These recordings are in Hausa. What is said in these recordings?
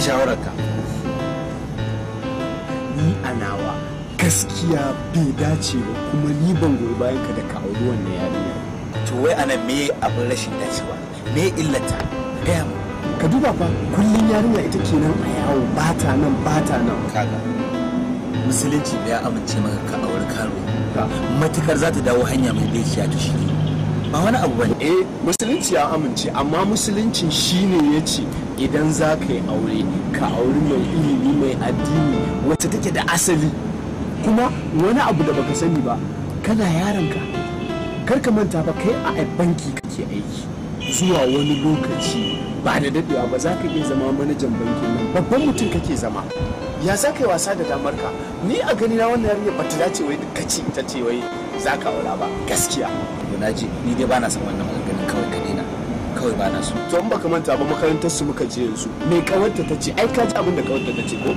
shawararka ni a nawa gaskiya bai dace ba kuma ni ban goyi bayan ka da ka auri wannan yarinya to wai ana me abin rashin dacewa me illata gaya ka duba fa kullum yarinya ita kenan a yawo ba ta nan ba ta nan kaga musulunci ya amince maka ka auri karo matukar za ta dawo hanya mai daiciya ta shi ba wani abu ba eh musulunci ya amince amma shi shine ya ce idan za ka yi aure ka auri mai ilimi mai addini wacce take da asali kuma wani abu da baka sani ba kana yaranka kar ka manta ba kai a banki kake aiki zuwa wani lokaci ba da daɗewa ba za ka iya zama manajan bankin nan babban mutum kake zama ya za ka yi wasa da damar ka ni a ganina wannan yarinya ba ta dace wai ka ce ita ce wai za ka aura ba gaskiya to na ji ni dai bana son wannan maganganun kawai ka daina kawai ba na so to an baka manta ba makarantar su muka je yanzu me kawanta ta ce ai ka ji abin da kawanta ta ce ko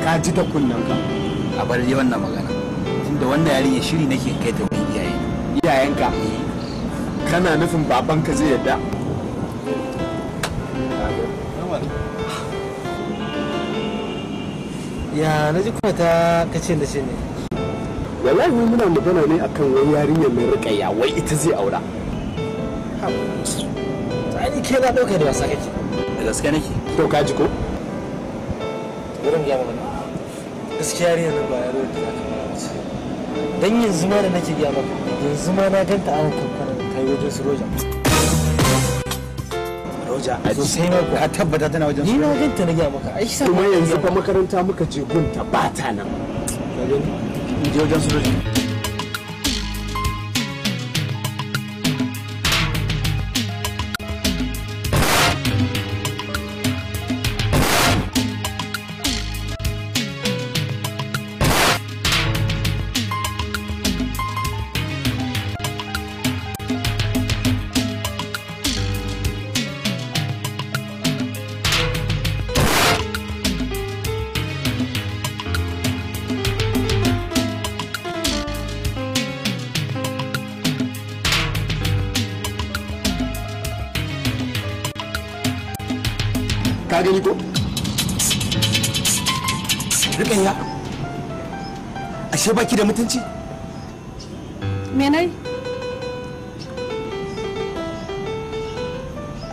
ka ji ta kunnan ka a bar dai wannan magana tunda wannan yarinya shiri nake kai ta wurin iyaye iyayenka eh. kana nufin babanka zai yarda ya na ji kuma ta kace da shi ne wallahi muna magana ne akan wani yarinya mai rikaya wai ita zai aura tsari ke na ɗauka da wasa kake da gaske nake to ka ji ko wurin ya mana gaskiya yarinyar nan ba yaro da za ka dan yanzu ma da nake gaya maka yanzu ma na ganta an kankana kai wajen su roja roja sosai ma ka tabbata tana wajen su ni na ganta na gaya maka ai kuma yanzu fa makaranta muka je gunta ba ta nan Joe Johnson. ke baki da mutunci menai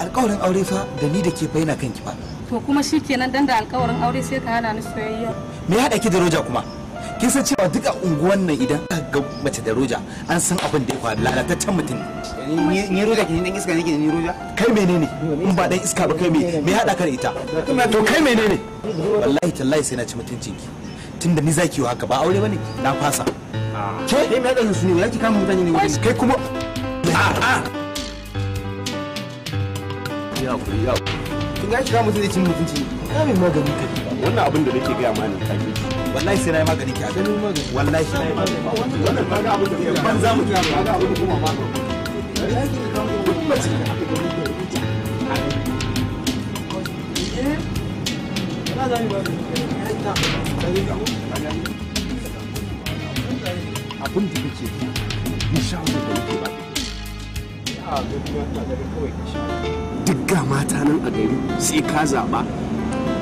alƙawarin aure fa da ni da ke fa yana kanki fa to kuma shikenan dan da alƙawarin aure sai ka hana ni soyayya me ya haɗa ki da roja kuma kin san cewa duka unguwan nan idan ga mace da roja an san abin da ya faru lalataccen mutum ni roja ke dan iska nake ni roja kai menene in ba dan iska ba kai me me hada ka da ita to kai menene wallahi tallahi sai na ci mutuncinki ki tunda ni zaki haka ba aure bane na fasa ke dai mai dan su ne yaki kama mutane ne kai kuma a ah, a ah. ya ku ya kin ga shi mutum mutane cin mutunci ka mai magani ka wannan abin da nake gaya ma ne ka ji wallahi sai na magani ka a magani wallahi sai na magani wannan ba ga abin da ya ban za mu kira ga abin kuma ma Thank abin da kake yi ni shawarar da nake ba Dukka mata nan a gari sai ka zaɓa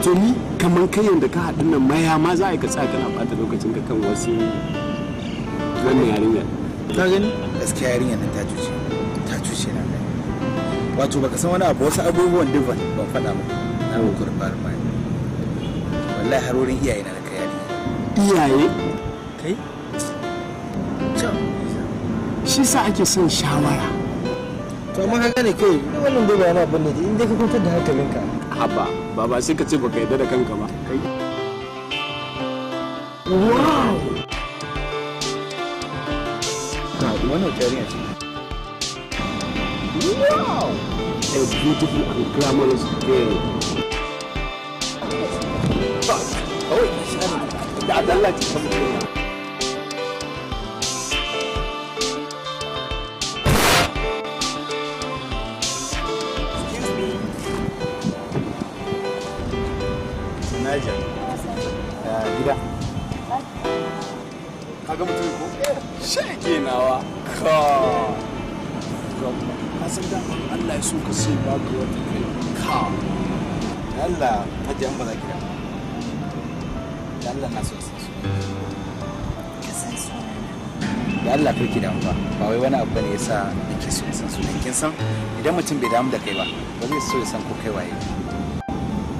to ni kamar kai yadda ka haɗu nan maya ma za a yi ka tsaya kana ɓata lokacin ka kan wasu wannan yarinyar ta gani gaskiya yarinyar nan ta cuce ta cuce na wato baka san wani abu wasu abubuwan duk ban faɗa ba na fara faru wallahi harorin iyaye na kai yari iyaye kai shi sa ake son shawara to amma ka gane kai wannan bai ba abin da in dai ka kwantar da hankalinka haba ba ba sai ka ce baka yarda da kanka ba kai wow ga wannan jariya ce wow a beautiful and glamorous girl da adalla ce mutum uh, kaga mutum ko shege nawa ka ka san da Allah ya so ka sai ba ka wata kai ka Allah hajji an ba za ki da Allah na so da Allah to ki damu ba ba wai wani abu bane yasa nake so san su kin san idan mutum bai damu da kai ba ba zai so ya san ko kai waye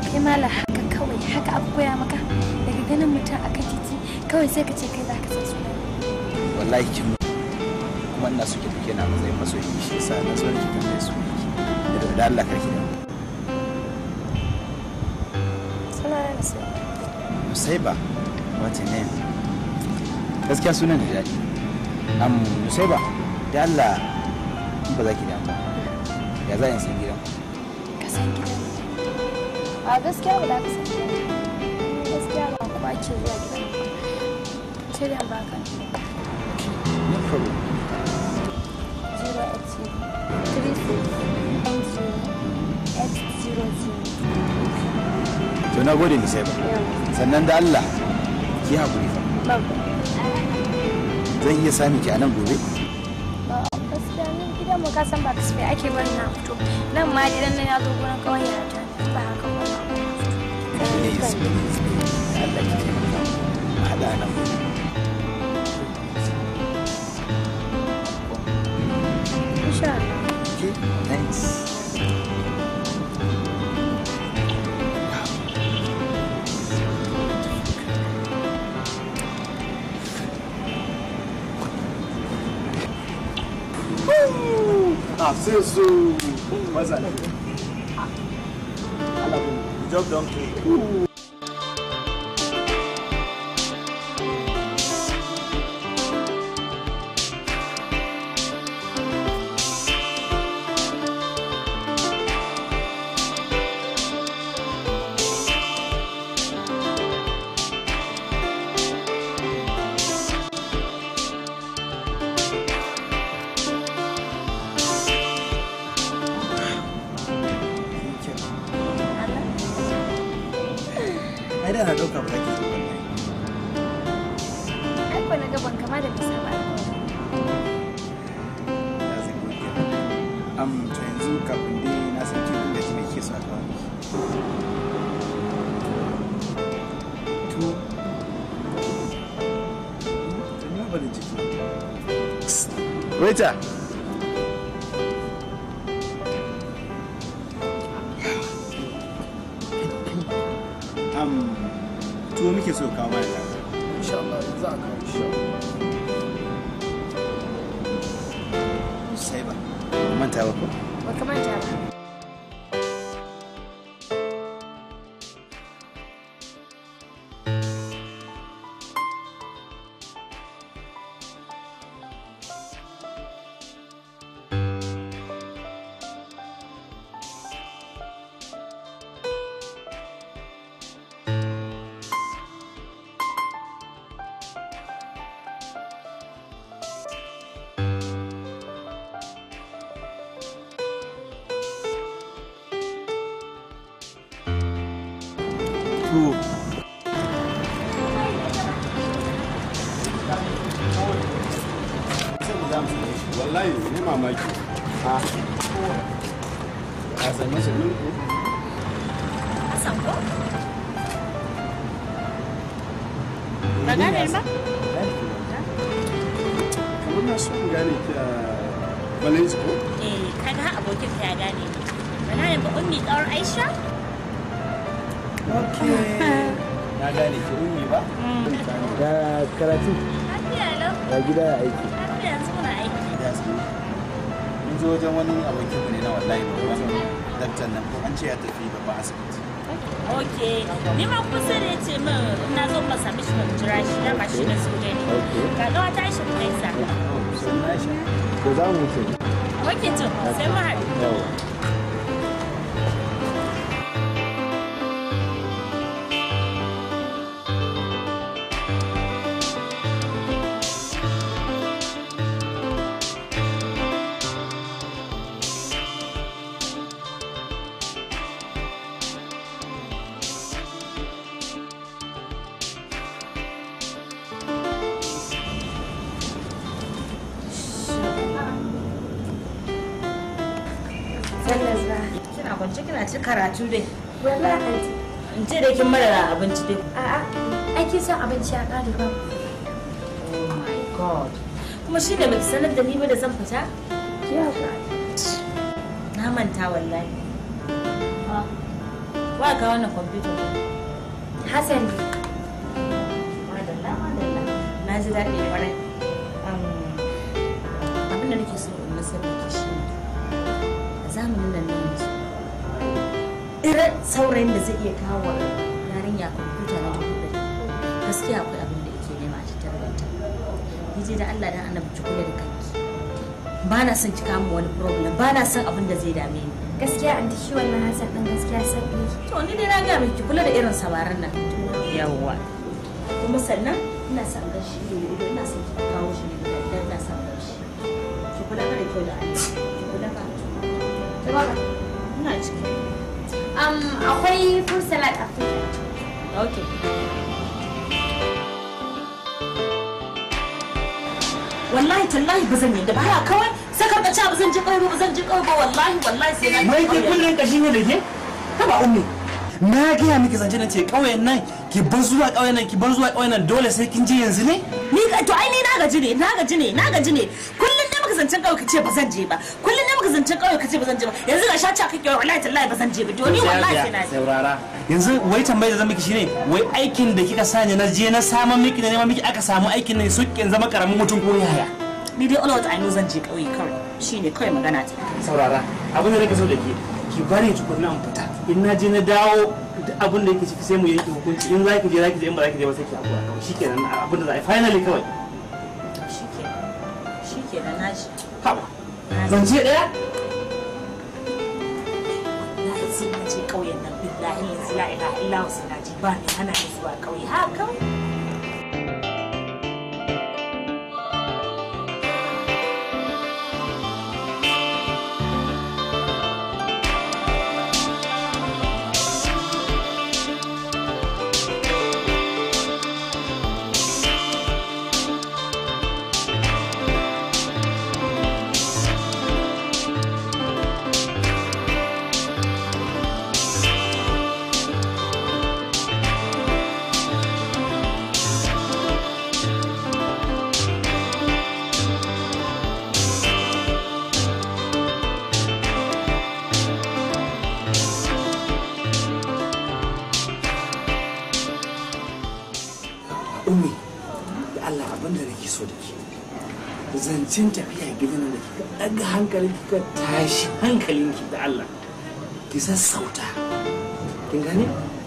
kai mala haka kawai haka abu koya maka daga ganin mutum a titi kawai sai ka ce kai za ka san su wallahi kin kuma ina so ki dauke na matsayin masoyi shi yasa na so ki tambaye su da da Allah karki damu Musaiba, what's your name? Gaskiya sunan da jaji am sai ba da Allah ba za ki damu ya za in san gidan ka san gidan a gaskiya ba za ka san gidan gaskiya ba ba ce zuwa gidan sai da ba ka no problem zero eight three six zero eight zero zero to na gode ni sai ba sannan da Allah ki haƙuri fa zai iya sami ki a nan gobe gaskiya ni gidan mu kasan ba kasafai ake bari na fito nan ma gidan nan ya zo gurin kawai ya ta ba haka ba Ne ne ya tsare Allah ya tsare Allah ya nan. àṣeṣo wọ́n ṣàlàyé. The job done. Welcome on, Java. karatu dai in ce dai kin mara abinci dai a'a ake son abinci a ƙari ba oh my god kuma shi da mai sanar da ni ba da zan fita na manta wallahi ah. wa ga wannan kwamfuta hassan ne madalla madalla na ji daɗi saurayin da zai iya kawo yarinya kwamfuta na dubu ɗari gaskiya akwai abin da yake nema a cikin da da Allah dan annabi ki kula da kanki ba na son cika mu wani problem ba na son abin da zai dame ni gaskiya an shi wannan hasan din gaskiya sabbi to ni dai na ga miki kula da irin sabaran nan yawa kuma sannan ina son ga shi ne ina son ki kawo shi ne da ina son ga shi ki kula da kyau da Allah ki kula ba ina ciki Um, akwai fruit salad a freezer. Okay. wallahi tallahi ba zan yi da baya kawai sakar da ci ah, ba zan ji kawai ba zan ji kawai wallahi wallahi sai na mai ke kullun kashi ne da ke ta ba ummi na gaya miki zance na ce ƙauyen nan ki bar zuwa ƙauyen nan ki bar zuwa ƙauyen nan dole sai kin je yanzu ne ni to ai ni na gaji ne na gaji ne na gaji ne kullun ne maka zancen kawai ka ce ba zan je ba kullun maka zancen kawai ka ce ba zan je ba yanzu ga shaci kake wallahi tallahi ba zan je ba doni wallahi sai na je saurara yanzu wai tambayar da zan miki shine wai aikin da kika sani na je na samu miki na neman miki aka samu aikin ne sukin zama karamin mutum ko yaya ni dai Allah ta'ala zan je kawai kawai shine kawai magana ta saurara abin da nake so da ke ki bari tukunna mu fita in na je na dawo abin da yake ciki sai mu yanke hukunci in za ki je za ki je in ba za ki je ba sai ki hakura kawai shikenan abin da za a finally kawai zance ɗaya wallahi sai na je ƙauyen nan billahi yanzu la ilaha illa wasu na ba hana ni zuwa ƙauye ha kawai lokacin tafiya gidan da ki daga hankalin ki ka tashi hankalin ki da Allah ki sassauta kin gane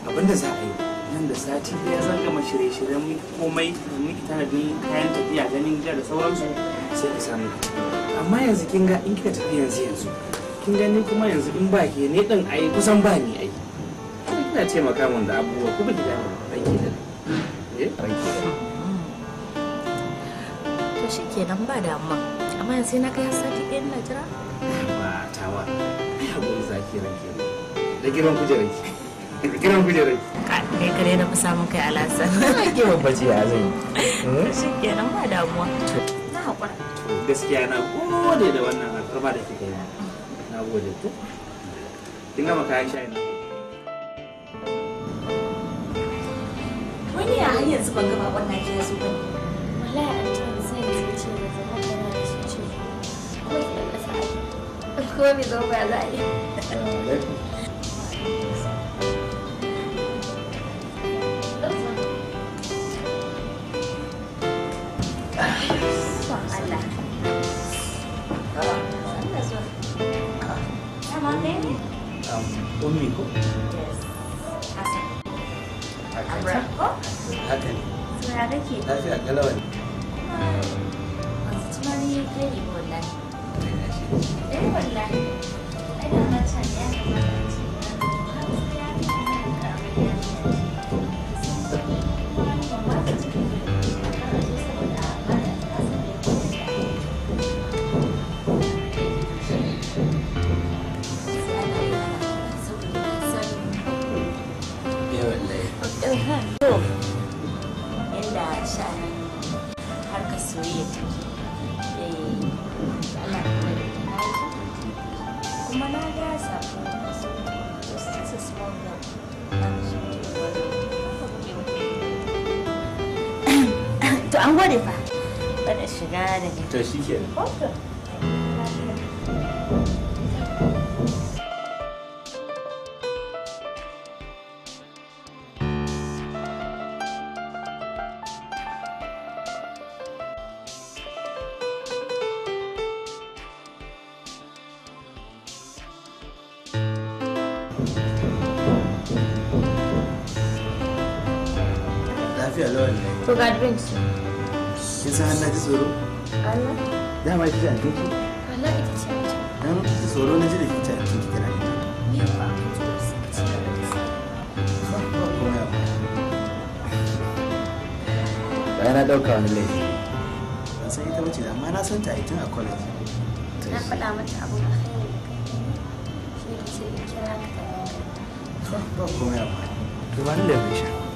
abinda za a yi nan da sati ɗaya zan gama shirye-shiryen komai da miki tanadin kayan tafiya ganin gida da sauransu sai ki samu amma yanzu kin ga in kika tafi yanzu yanzu kin gani kuma yanzu in ba ke ne ɗin ai kusan ba ni ai ina taimaka min da abubuwa kuma ki da eh, aiki da ranki shi kenan ba damuwa amma yanzu na kai sati ɗaya na jira ba tawa ai hakuri zaki ranke da giran kujerar da girman kujerar ki kai kare na musa mun kai alasan ke babbace ya zai hmm? shi kenan ba damuwa na hakura gaskiya na gode da wannan alfarma da kika yi na gode ko kin gama kayan shayi na wani ya hanyar zuba gaba gama wannan kiyasu bane ko mi zo za Ummi ko? 哎，我来。哎，咱们产业什么？tsoro? Allah. Dama Dan ki na ji ki ce abinci ki Ni ba da dauka wani laifi. Ban san ita amma na san ta a college. Na faɗa mata ne kira ka. Ba ba. To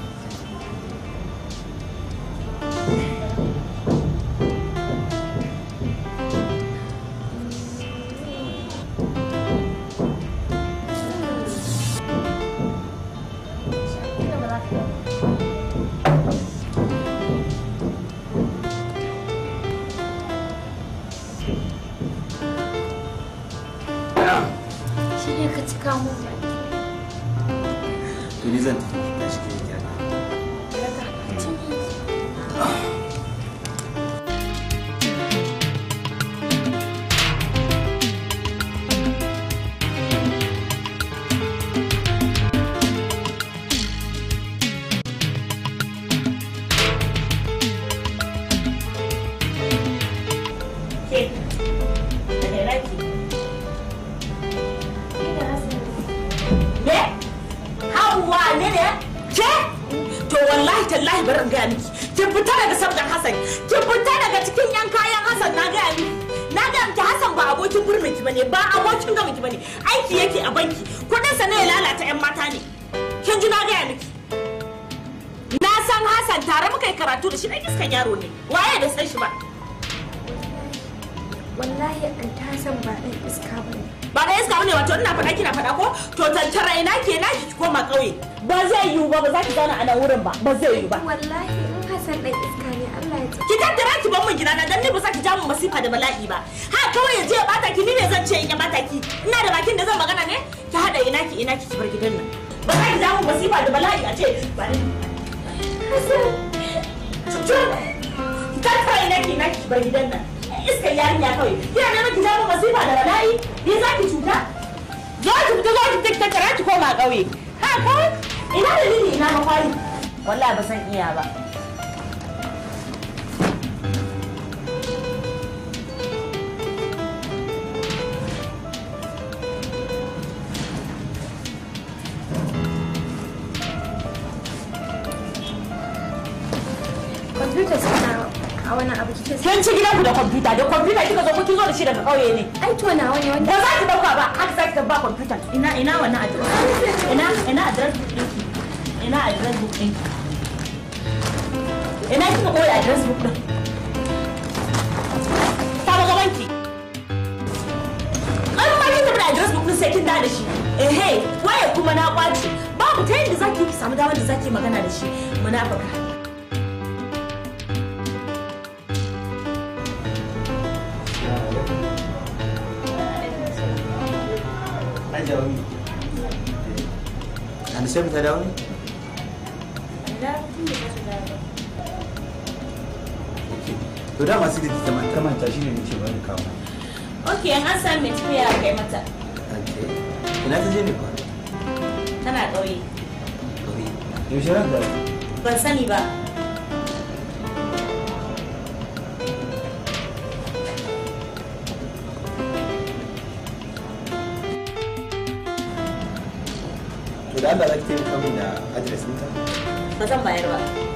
ba zai yi ba wallahi in hasan dan iska ne Allah ya ki tattara ki ban mun gidana dan ni ba za ki ja mun masifa da bala'i ba ha kawai ya je ya bata ki ni ne zan ce ya bata ki ina da bakin da zan magana ne ki hada ina ki ina ki bar gidan nan ba kai ki ja mun masifa da bala'i a ce ba ni hasan tattara ina ki ina ki bar gidan nan iska yarinya kawai kina neman ki ja mun masifa da bala'i ni za ki cuta zo ki fita zo ki tattara ki koma ƙauye ha ko ina da ni ina makwari Wallah ba zan iya ba kwamfuta suna a wani abu kike kin ci gidanku da kwamfuta da kwamfuta kika zo kuki zo da shi daga kauye ne ai to na wani wanda ba za ki dauka ba haka za ki ba kwamfuta ina ina wannan address ina ina ina address book ɗin ina kika koyi address book ɗin ta ba gabanki an ma kin tafi da address book ɗin sai kin da shi eh ehe waye kuma na kwaci babu ta yadda zaki ki samu damar da zaki magana da shi munafaka Ani sai ta dawo ne? to dama masu da ta manta shi ne ce bani kawo ok an sami ya kai mata ina ta je ne ba tana ƙauye ƙauye yaushe ran da ban sani ba to da Allah za ki taimaka min da adres ɗinta ba zan bayar ba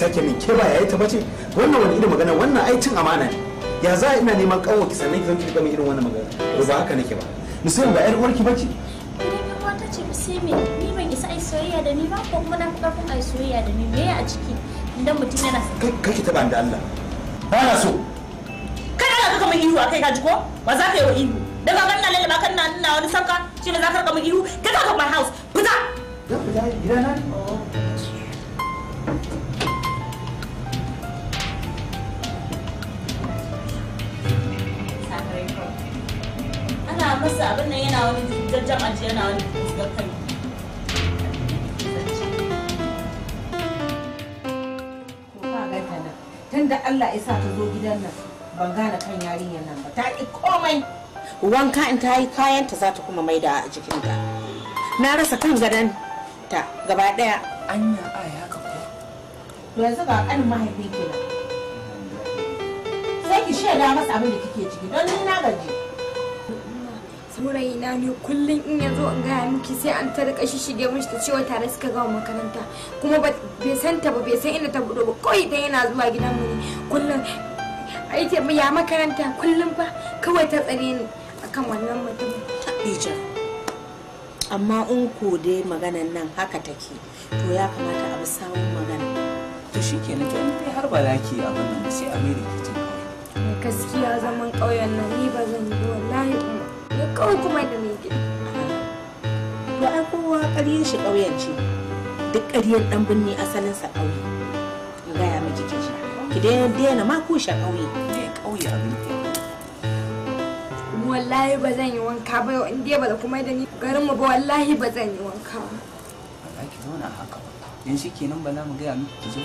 sake min ke ba yayi ta bace wannan wani irin magana wannan ai cin amana ne ya za ina neman kawo ki sannan ki zanki rika min irin wannan magana to ba haka nake ba musayin ba yar uwarki bace ta ce musaimi ni ban isa ai soyayya da ni ba ko kuma na fi karfin ai soyayya da ni me a ciki idan mutum yana kai ki taba da Allah ba na so kai ana kaka min ihu a kai ka ji ko ba za ka yi wa ihu da ka ganna lalle ba kan na wani sanka shi ne za ka rika min ihu ka ka my house fita ya fita gidana ne gaggan aji yana wani kusa kai da Allah ya sa ta zo gidan nan ban gane kan yarinyar nan ba ta ki komai wanka in ta yi kayanta za ta kuma maida a jikinta na rasa kan gadon ta gaba daya anya a haka ko yanzu ga kanin mahaifin kina sai ki shaida masa abin da kike ciki don ni na gaji saurayina ne kullum in yanzu zo in gaya miki sai an ta shi shige mishi ta cewa tare suka ga makaranta kuma bai san ta ba bai san inda ta budo ba kawai ta yana zuwa gidan mu ne kullum ai ta ya makaranta kullum fa kawai ta tsare ni akan wannan mutum Khadija amma in ko dai maganan nan haka take to ya kamata a bi sawun magana to shikenan to in har ba za ki abin nan sai a mai da gaskiya zaman ƙauyen nan ni ba zan yi wallahi kawai kuma da mai gida to ai kowa ƙaryar shi ƙauyen ce duk ƙaryar ɗan binne sa ƙauye ga gaya miki ki ji ki daina ma sha ƙauye ne ƙauye abin wallahi ba zan yi wanka ba yau in dai ba da kuma da ni garin mu ba wallahi ba zan yi wanka ba ba ki zauna haka ba yanzu kenan ba za mu gaya miki ki zo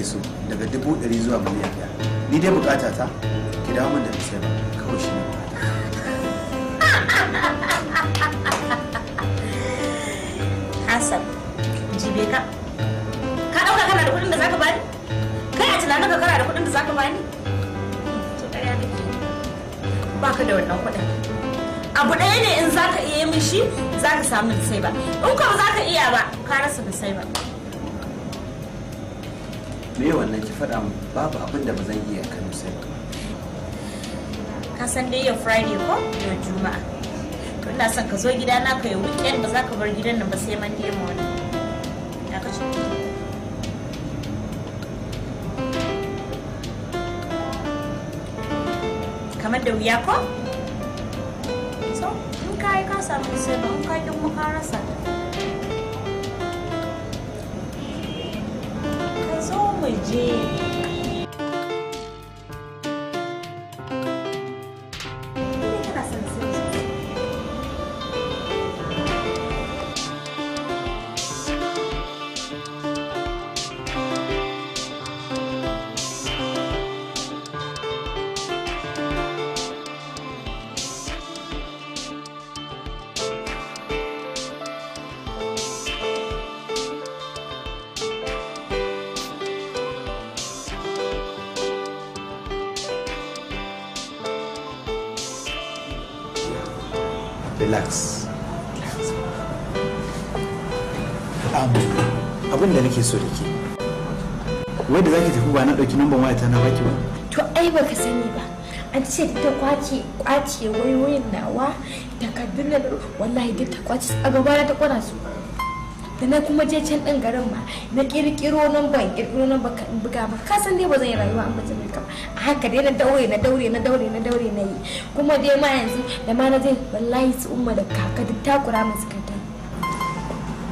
nake so daga dubu ɗari zuwa miliyan ɗaya ni dai bukata ta ki dawo min da sai kawai shi ne Hassan jibe ka ka ɗauka kana da kuɗin da zaka bani kai a tunanin ka kana da kuɗin da zaka bani to ɗaya ba ka da wannan kuɗin abu ɗaya ne in zaka iya yi mishi zaka samu sai ba in kuma zaka iya ba ka rasa da sai ba da ba zan iya kano sai ba ka san dai yau friday ko yau juma'a to ina son ka zo gida na ka yi weekend ba za ka bar gidan nan ba sai mu morning ya ka ci kamar da wuya ko so in ka yi ka samu sai ba in ka yi mu ka rasa ka zo mu je relax um, abin da nake so da ke wai da zaki tafi ba na ɗauki numban ta na baki ba to ai baka sani ba an ce ta kwace kwace wayoyin nawa takardun wallahi duk ta kwace a gaba ta kwana su da na kuma je can ɗin garin ma na ƙirƙiro nan ban ƙirƙiro nan ba buga ba ka san dai ba zan yi rayuwa an bace mai a haka dai na daure na daure na daure na daure na yi kuma dai ma yanzu da ma na zai wallahi su umma da kaka duk takura masu ta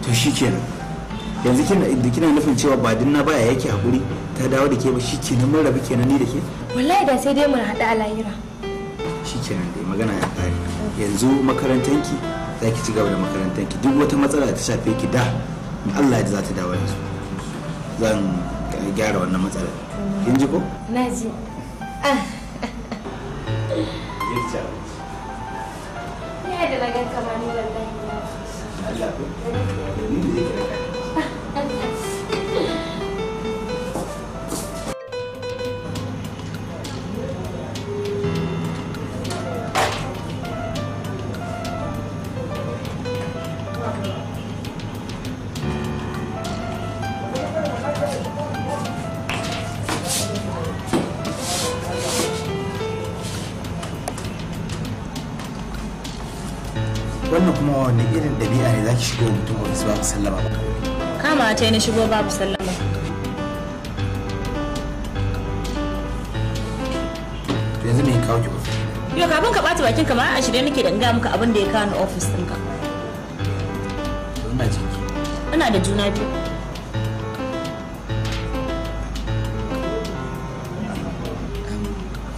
to shikenan yanzu kina da kina nufin cewa ba dinna baya yake hakuri ta dawo da ke ba shikenan mun rabu kenan ni da ke wallahi da sai dai mun hada alayira. shikenan dai magana ya kare yanzu makarantanki za ki ci gaba da makarantar ki duk wata matsala ta shafe ki da in Allah ya za ta dawo yanzu zan gyara wannan matsalar kin ji ko na ji ah. ya da lagar kamar ni wallahi Allah za ki shigo mutum ofis babu sallama ba kama ta yi na shigo babu sallama to yanzu me kawo ki ba? yau kafin ka ɓata bakin kamar a shirye nake da in ga muka abin da ya kawo na ofis ɗinka ina jiki. ina da juna biyu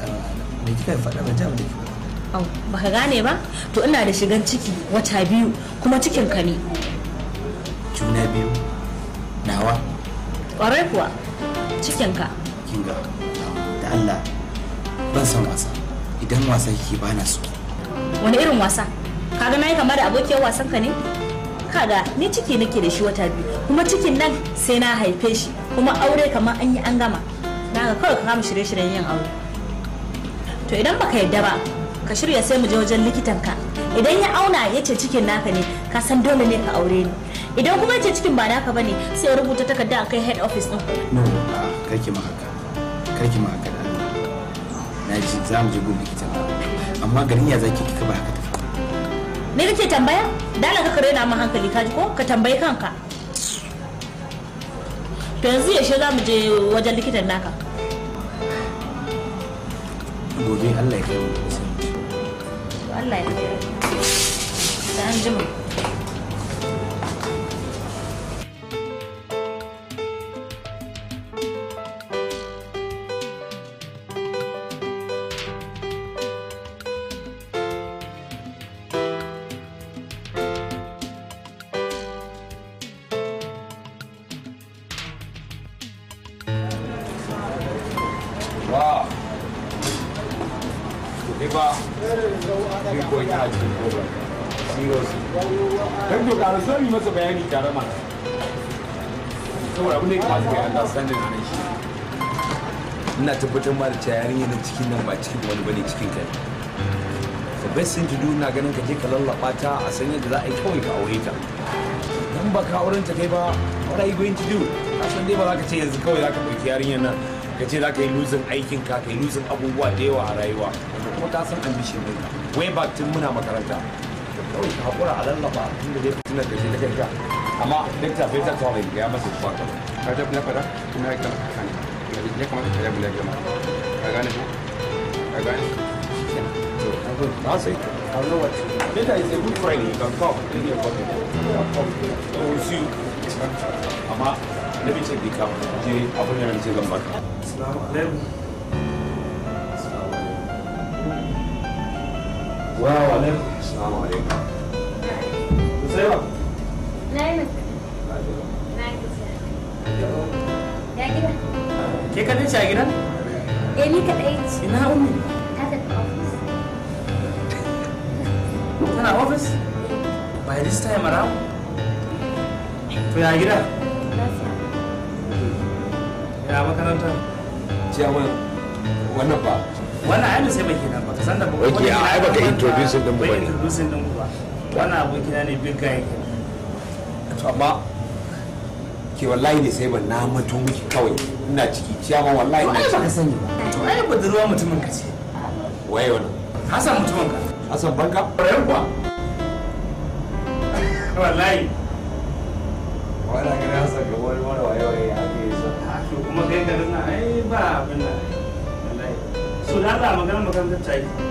ah, me kika faɗa ba ta da Au, baka gane ba? To ina da shigan ciki wata biyu kuma cikin ka ne. Juna biyu? Nawa? Ƙwarai kuwa, cikin ka. Kinga, da Allah, ban san wasa. Idan wasa kike ba na so. Wani irin wasa? Kaga na yi kama da abokiyar wasan ka ne? Kaga ni ciki nake da shi wata biyu, kuma cikin nan sai na haife shi, kuma aure kamar an yi an gama. Na ga kawai ka kama shirye-shiryen yin aure. To idan baka yadda ba, ka shirya sai mu je wajen likitanka idan ya auna ya ce cikin naka ne ka san dole ne ka aure ni idan kuma ya ce cikin ba naka bane sai ya rubuta takarda a kai head office din no karki ma haka karki ma haka na ji za mu je gun likitan amma garin ya zaki kika ba haka ne kake tambaya dala ka rena na mu hankali ka ji ko ka tambayi kanka to yanzu yaushe za mu je wajen likitan naka gobe Allah ya kai mu 来，咱这么。tabbatar ma da cewa yarinya na cikin nan ba cikin wani bane cikin kai the best thing to do na ganin ka je ka lallaba ta a san yadda za a yi kawai ka aure ta dan ba ka auren ta kai ba what are you going to do ka san dai ba za ka ce yanzu kawai za ka ɗauki yarinyar nan ka ce za ka yi luzin aikin ka ka yi luzin abubuwa da yawa a rayuwa wanda kuma ta san ambition ɗin way back tun muna makaranta kawai ka haƙura a lallaba tun da dai fitinar da ta kai ka amma dakta bai ta kawai ya masa ba ka ta na fara kuma ya kan ya kamata ka rabu lafiya ma ka gane ko ka gane That's it. I know what you Later is a good Friday. You can come. Let me come. I will see you. Ama, let me check the car. Jay, I'll put you on the second back. Assalamu alaikum. Assalamu alaikum. Wow, alaikum. Assalamu alaikum. What's up? Ke kaɗai ce a gidan? Eh ni ce. Ina ummi? Ta tafi ofis. Tana ofis? By this time around? To ya gida? Ya makaranta? Ciya wannan ba. Wannan ai sai bai kenan ba ka san da ba. Okay, ai introduce din ba. Bai introducing din ba. Wannan abokina ne big guy. To amma ke wallahi ne sai ban na mato miki kawai ina ciki ma wallahi ina ciki. Ba sani ba. To ai budurwa mutumin ka ce. Wai wani. Hassan mutumin ka. Hassan banka? Wai kuwa. Wallahi. Wala ya yi son. Ah, kuma kai garin nan ai ba abin Wallahi. na za a magana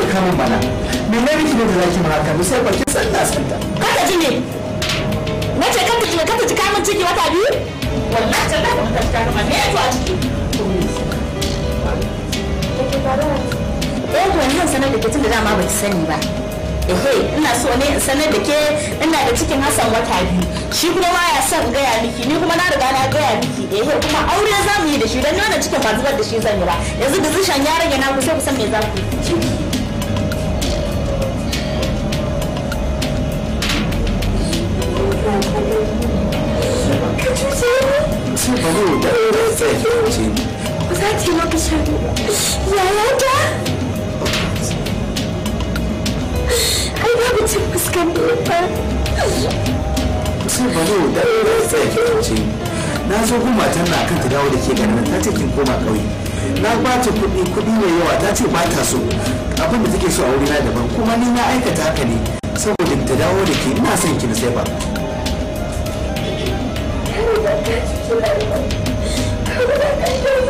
ne kamun bana me ne miki ne da zaki mun haka sai ba ki san na san ta kada ji ne nace kada ji kada ji kamun ciki wata biyu wallahi tallahi ba ta ta ma ne to a ciki eh to yanzu sanar da ke tun da dama ba ki sani ba ehe ina so ne in sanar da ke ina da cikin hasan wata biyu shi kuma ma ya san gaya miki ni kuma na riga na gaya miki ehe kuma aure za mu yi da shi don nuna cikin ba zubar da shi zan yi ba yanzu da zishan ya rage na ku sai ku san me za ku yi ce ba zai da wurin sai ya wuce ni. Ba za ta yi maka shari ba. Na zo gun matan na kan ta dawo da ke ganin ta ce kin koma ƙauye. Na kwace kuɗi kuɗi mai yawa ta ce ba ta so. Abin da take so a wurina daban kuma ni na aikata haka ne saboda ta dawo da ke ina son ki na sai ba. bitch to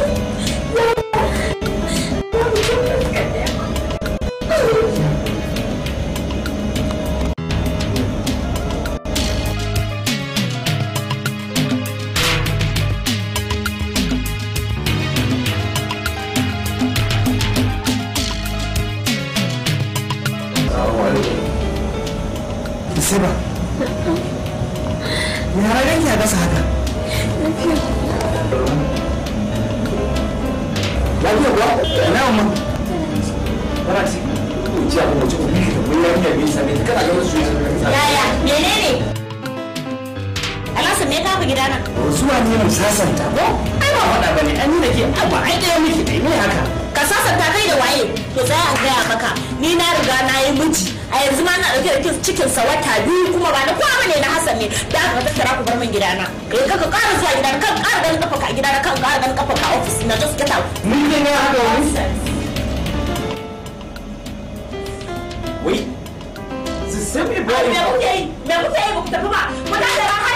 gida nan. Zuwa ne mu sasanta ko? Ai ba faɗa ne an yi da abu ai ɗaya miki dai me haka. Ka sasanta kai da waye to tsaya an gaya maka ni na riga na yi miji a yanzu ma na ɗauke da cikin wata biyu kuma ba na kowa ne na Hassan ne da aka tattara ku bar min gidana. Eh, kai ka ƙara zuwa gidana kan ƙara ganin kafa ka gidana kan ƙara ganin kafa ka ofis na just get out. Ni ne na haka wani. Wai. Sissim Ibrahim. Me kuke yi? Me kuke yi? Ku tafi ba. da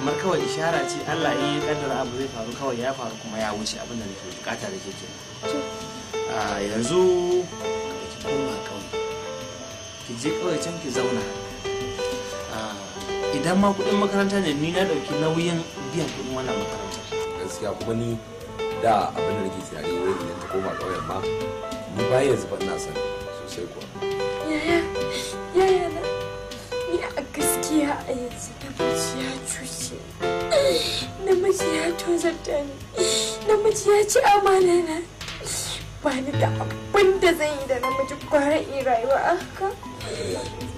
kamar kawai ishara ce Allah ya kaddara abu zai faru kawai ya faru kuma ya wuce abin da nake bukata da ke a yanzu ki koma kawai ki je kawai can ki zauna idan ma kudin makaranta ne ni na ɗauki nauyin biyan kuɗin wannan makarantar gaskiya kuma ni da abin da nake tunani wai idan ta koma ƙauyen ma ni ba yanzu ba na san sosai kuwa yaya yaya na ni a gaskiya a yanzu na ya cuci su namiji ya tozarta ni namiji ya ci amana na ba ni da abin da zan yi da namiji kwara in rayuwa a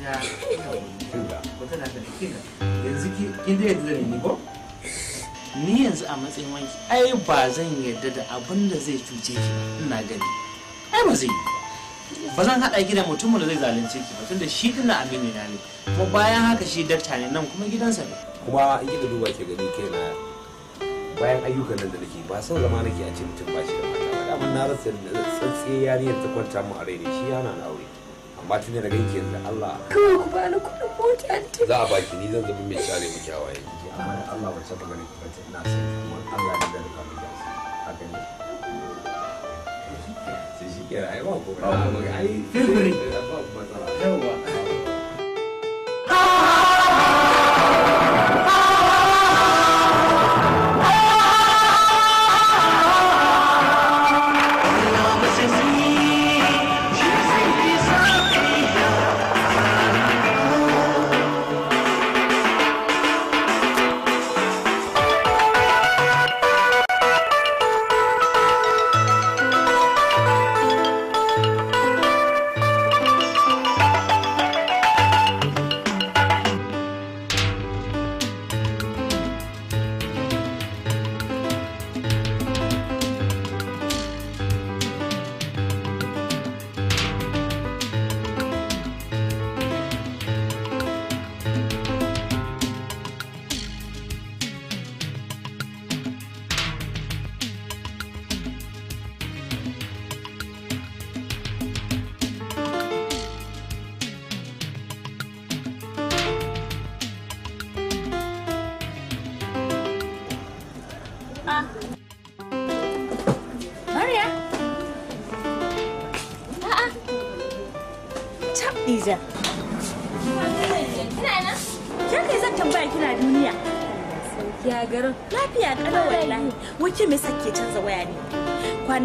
yanzu kin da yadda zan yi ko ni yanzu a matsayin wanki ai ba zan yarda da abin da zai cuce ki ina gani ai ba zai ba zan haɗa gida da mutumin da zai zalunce ki ba tunda shi dinna amini na ne kuma bayan haka shi dakta ne nan kuma gidansa ne kuma in da duba ke gani kai na bayan ayyukan nan da nake ba sau zama nake a ce mutum ba shi da mata ba daman na rasa tsantsiyar yariyar ta kwanta mu a rai shi yana na aure amma tun daga yake yanzu Allah kawai ku bani kuɗin mota ta za a baki ni zan zama mai share mu kyawaye amma da Allah wacce ta gani ta na san kuma Allah ya dare ka da su a ne sai shi kira ai ba ko ba ai ba ba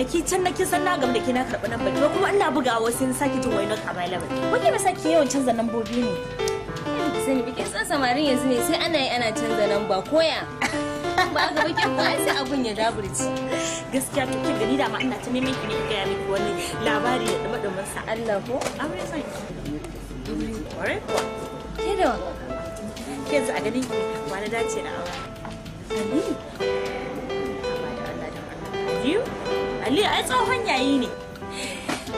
ki can na san na gam da ke na karɓi nan baki kuma ina bugawa sai na sake jin wani not available wake na sake yawan canza bobi ne sai bikin san samarin yanzu ne sai ana yi ana canza ba koya ba ga bakin ba sai abun ya daburci gaskiya to kin gani da ma ina ta neman ki ne ga miki wani labari da dama dama sa Allah ko amma sai ƙwarai kuwa ke da ke a ganin ki ba na dace da aure ai tsohon yayi ne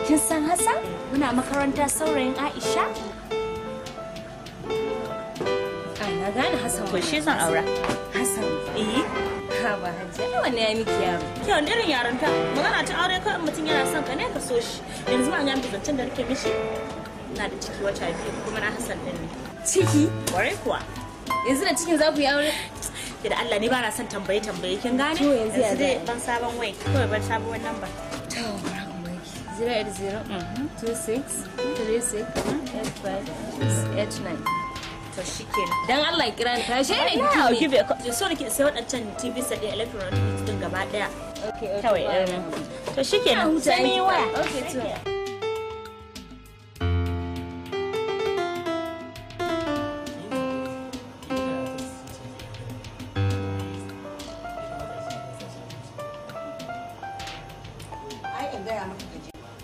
kin san Hassan muna makaranta saurayin Aisha ai na gane Hassan ko shi zan aura Hassan eh ha ba hajja wannan ya miki yaro ki wani irin ta. magana ta aure kawai mutum yana son ka ne ka so shi yanzu ma ga miki zancen da nake mishi ina da ciki wata biyu kuma na Hassan din ne ciki kwarai kuwa yanzu da cikin za ku yi aure da Allah ne ba na son tambaye tambaye kin gane to yanzu yanzu ban sabon wai kawai ban sabon wannan ba to zero eight zero mhm. two six three six eight five eight nine to shikenan dan Allah kira ni tashi ne ki ne ki be so da ki sai wadancan TV sa da electronic din gaba daya okay eh. okay to shikenan sai mi waya okay to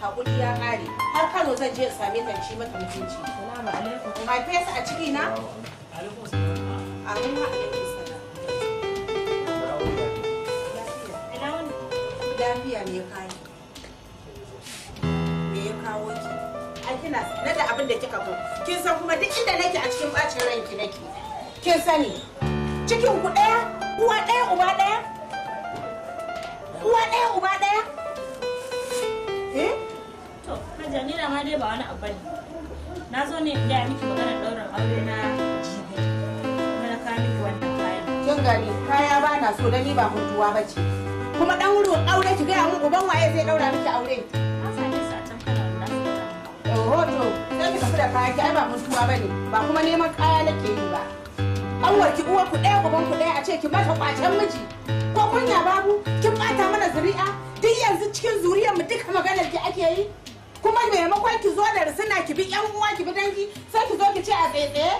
hakuri ya kare har Kano zan je in same ta ci mata mutunci salamu alaikum my face a ciki na alaikum salam alaikum salam lafiya me ya me ya kawo ki ai kina na da abin da kika ko kin san kuma duk inda nake a cikin bacin ranki nake kin sani cikin ku daya uwa daya uba daya magana ma dai ba wani abu ne na zo ne in gaya miki maganar ɗaurin aure na jibi na kawo miki wannan kayan kin gani kaya ba na so da ba mutuwa ba ce kuma ɗaurin aure ki gaya mun uban waye zai ɗaura miki aure an same su a can kana da rahoto sai ki tafi da kaya ki ai ba mutuwa ba ne ba kuma neman kaya nake yi ba Anwar ki uwar ku ɗaya uban ku ɗaya a ce ki mata kwacen miji ko kunya babu kin bata mana zuri'a duk yanzu cikin zuriyar mu duka maganar ki ake yi kuma maimakon ki zo da risina ki bi yan uwa ki bi dangi sai ki zo ki ce a tsaitsaye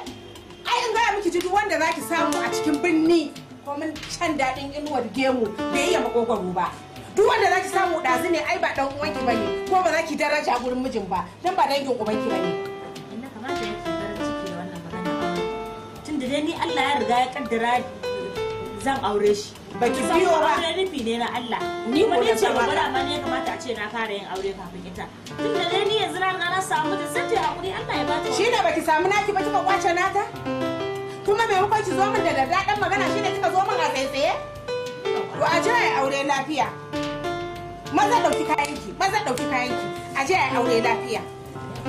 ai in gaya miki duk wanda zaki samu a cikin birni mun can daɗin inuwar gemu da iya makogwaro ba duk wanda zaki samu ɗazu ne ai ba ɗan uwanki ba ne ko ba za ki daraja gurin mijin ba don ba dangin ubanki ba ne. da ni Allah ya riga ya kaddara zan aure shi. baki biyo ba wani rufi ne na Allah ni ko da ce gwada ma ne kamata a ce na fara yin aure kafin ita tun da dai ni yanzu ran na samu da sai ta hakuri Allah ya ba ta shine baki samu naki ba kika kwace nata kuma maimakon ki zo min da daddaɗan magana shine kika zo min a tsaye to a je ai aure lafiya maza dauki kayanki maza dauki kayanki a je ai aure lafiya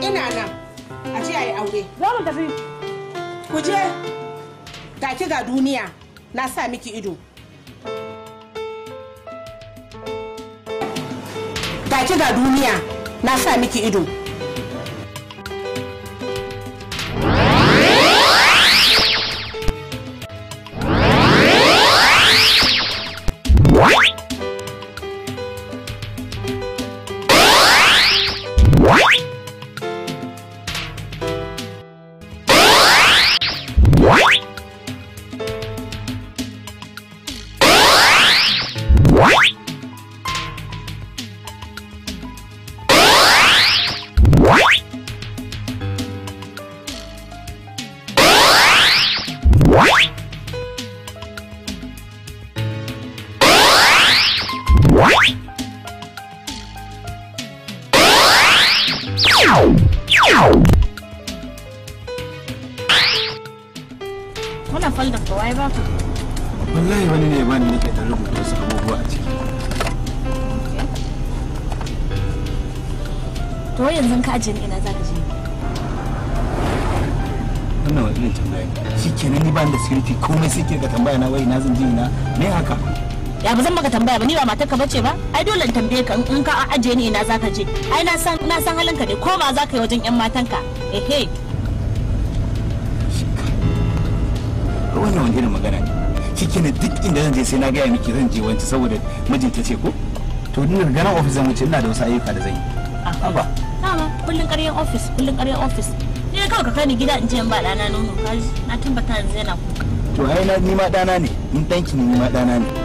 ina nan a je ai aure zo mu tafi ku je ga ki ga duniya na sa miki ido Take ga duniya na sa miki ido. abu zan maka tambaya ba ni ba matar ka bace ba ai dole in tambaye ka in ka aje ni ina zaka je ai na san na san halinka ne ko ba zaka yi wajen yan matanka ehe wannan wani irin magana ne kike ne duk inda zan je sai na gaya miki zan je wanci saboda mijinta ce ko to ni daga nan ofis zan wuce ina da wasu ayyuka da zan yi haba haba kullun ƙaryan ofis kullun ƙaryan ofis ni ne kawai ka kai ni gida in je in ba ɗana nono na tabbata yanzu yana kuka to ai na ni ma ɗana ne in danki ne ni ma ɗana ne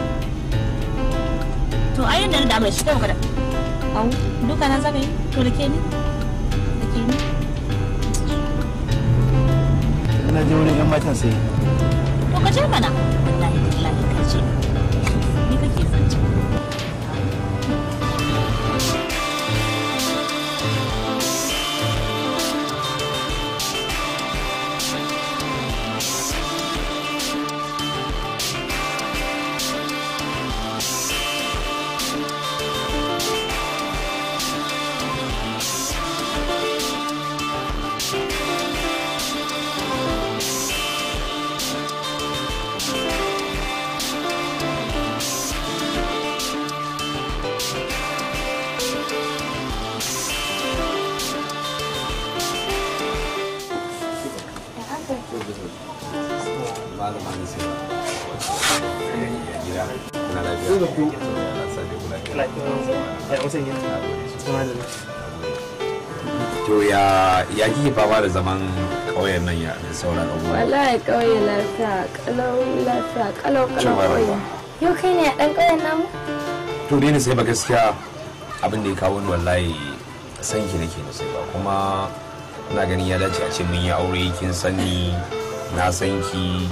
to ai yanda na da mai shi kan gwada au duka na zaka yi to da ke ni da ke ni na je wurin yan matan sai to ka je mana zaman kauyen nan ya da sauran abubuwa wallahi kauye lafiya kalau lafiya kalau kalau yau kai ne a ɗan kauyen namu to dai sai ba gaskiya abin da ya kawo ni wallahi san ki nake na sai ba kuma ina ganin ya dace a ce mun yi aure kin sani na san ki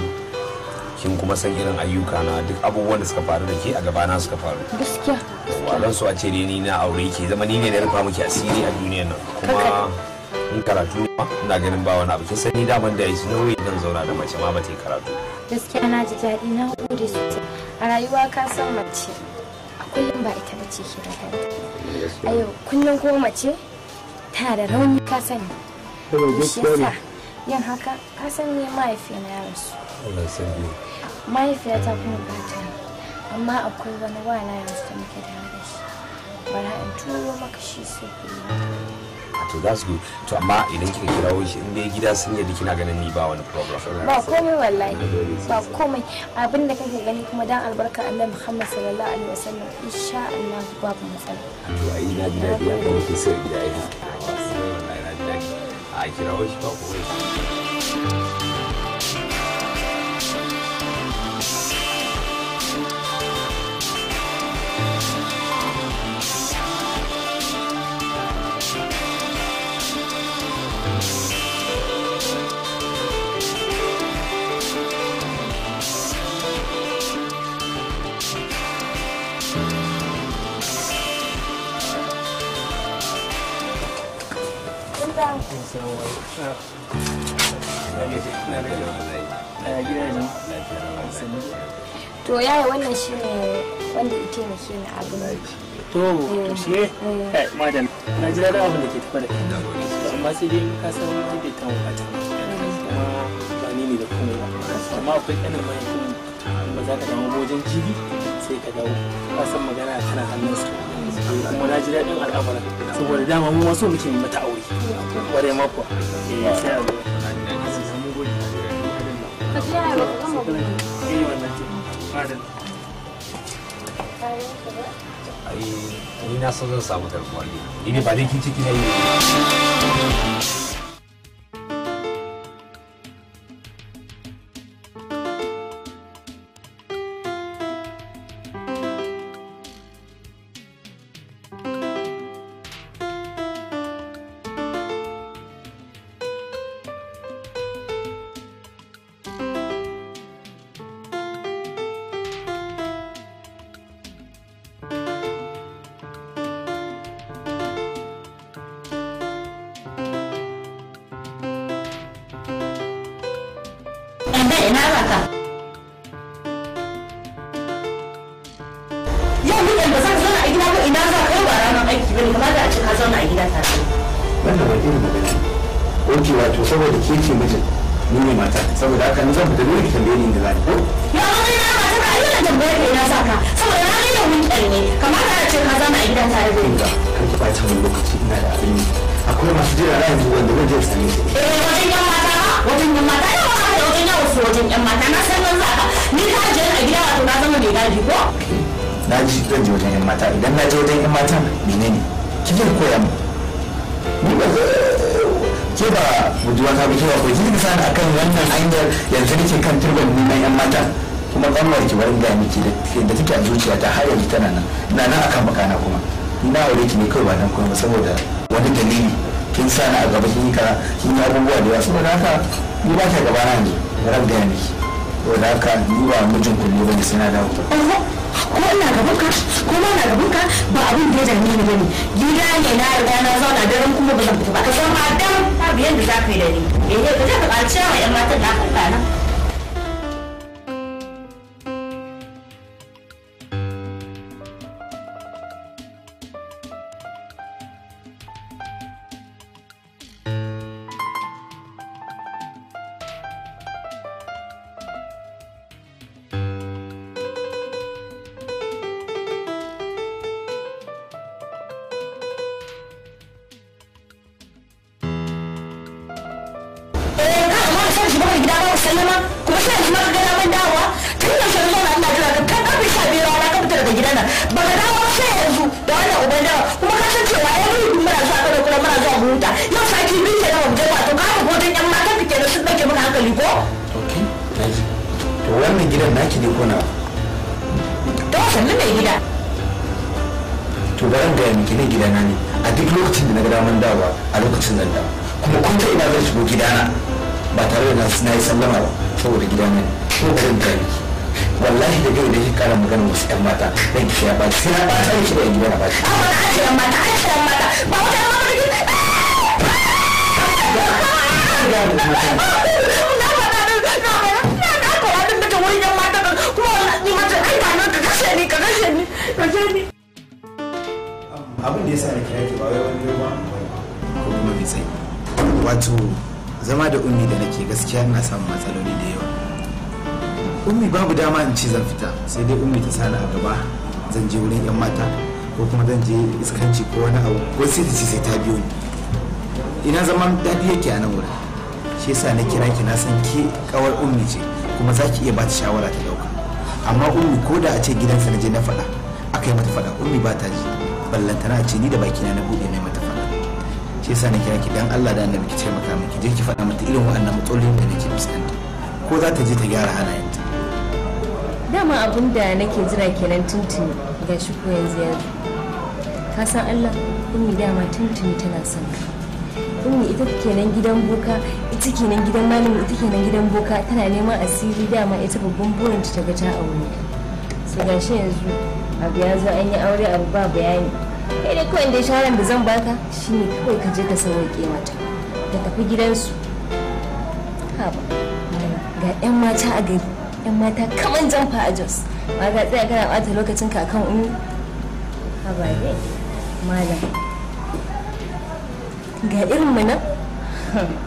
kin kuma san irin ayyuka na duk abubuwan da suka faru da ke a gabana suka faru gaskiya walan su a ce ni na aure ki zama ni ne da rufa muke asiri a duniyar nan kuma in karatu ina ganin ba wani abu sai sani daman da yaji nauyi idan zauna da mace ma ba ta karatu gaskiya na ji daɗi na gode sosai a rayuwa ka san mace a kullum ba ita ba ce ke da kanta a yau kullum ko mace tana da rauni ka sani shi yin haka ka san ne mahaifiya na ya rasu mahaifiya ta kuma ba ta amma akwai wani wala yanzu da muke da shi bara in turo maka shi sai kuma to that's good to amma idan kika kirawo shi in dai gida sun yadda kina ganin ni ba wani problem ba komai wallahi ba komai abin da kake gani kuma dan albarka Allah Muhammad sallallahu alaihi wasallam insha Allah babu matsala to ai na gida da yanda muke sai gida ai a kirawo shi ba komai to yaya wannan shi ne wanda ya taimake ni abu to to shi eh madam na jira da abin da ke tafa da kai amma sai dai ka san wani da ta wata ba ni ne da kuma amma akwai kanin mai ba za ka dawo wajen jibi sai ka dawo ka san magana hannun su kuma na ji daɗin al'amarin saboda dama mu wasu muke mata aure ƙwarai makwa eh, sai a zo eh, ni na san zan samu garkuwa ne ni ne ba dai kin ciki ne irin ok wato saboda ke ce mijin ni ne mata saboda haka ni zan fita dole ki tambaye ni inda ko ya wani na mata ka yi na tambayar da ina saka saboda na yi weekend ne kamata a ce ka zama a gidan tare da ni ba kan ki bata wani lokaci ina da abin yi akwai masu jira na yanzu wanda zan je su same su eh wajen yan mata wajen yan mata yawa ka da wajen yawa su wajen yan mata na san nan ka ni ka je a gida wato na zama mai daji ko na ji zan je wajen yan mata idan na je wajen yan mata menene ki je koya mu ke ba buduwa ta biki ba ku ji a akan wannan hanyar yanzu nake kan turban neman yan mata kuma kanwar ki bari ga miki da take a ta har yanzu tana nan na nan akan bakana kuma ina aure ki ne kawai ba dan kuma saboda wani dalili kin sa a gaba kin ka kin yi abubuwa da yawa saboda haka ni ba ta gaba na ne ran ga miki saboda haka ni ba mijin kullu bane sai na dawo ko ina gaban ka ko ma na gaban ka ba abin da ya dame ni bane gida ne na riga na zauna daren kuma ba zan fita ba ka zama dan babu yanda za ka yi da ni eh, eh ka je ka ƙarci wa 'yan matan da aka nan wato zama da ummi da nake gaskiya na samu matsaloli da yawa ummi babu dama in ci zan fita sai dai ummi ta sani a gaba zan je wurin yan mata ko kuma zan je iskanci ko wani abu ko sai ta ce sai ta biyo ni ina zaman daɗi yake a nan wurin shi yasa na kira ki na san ke kawar ummi ce kuma za ki iya ba ta shawara ta dauka amma ummi ko da a ce gidansa na je na faɗa aka yi mata faɗa ummi ba ta ji ballantana a ce ni da bakina na bude mai shi yasa nake kira ki dan Allah da annabi ki ce maka ki je ki faɗa mata irin wa'annan matsalolin da nake fuskanta ko za ta je ta gyara halayenta dama abun da nake jira kenan tuntuni ga shi ko yanzu yanzu ka san Allah yi dama tuntuni tana son ka yi ita kenan gidan boka ita kenan gidan malami ita kenan gidan boka tana neman asiri dama ita babban burinta ta ga ta aure su gashi yanzu abu ya zo an yi aure abu ba bayani kai dai kawai da sharan da zan baka shine kawai ka je ka sauke mata da tafi gidansu haba ga yan mata a gari yan mata kaman jamfa a jos ma ga tsaya kana bata lokacin kakan umu haba dai malam ga irin mu nan